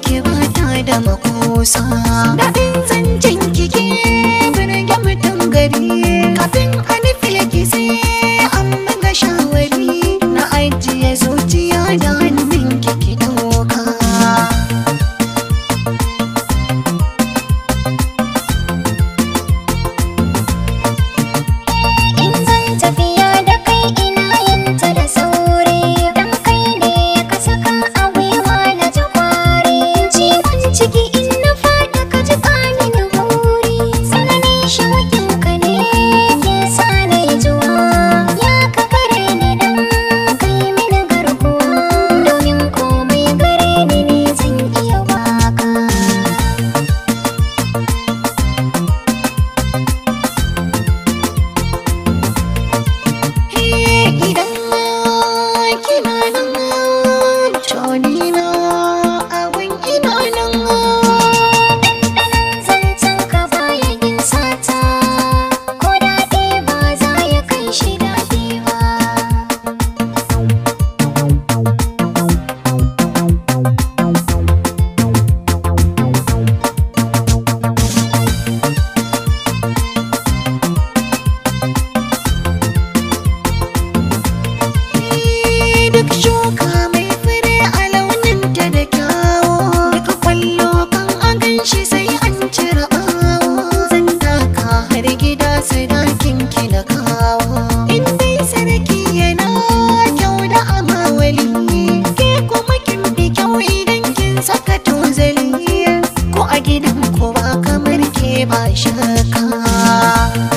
ki ba ta da makusa daɗin zancen kike birge mutum gari kafin a nufi Koba kowa kamar ke ba shaka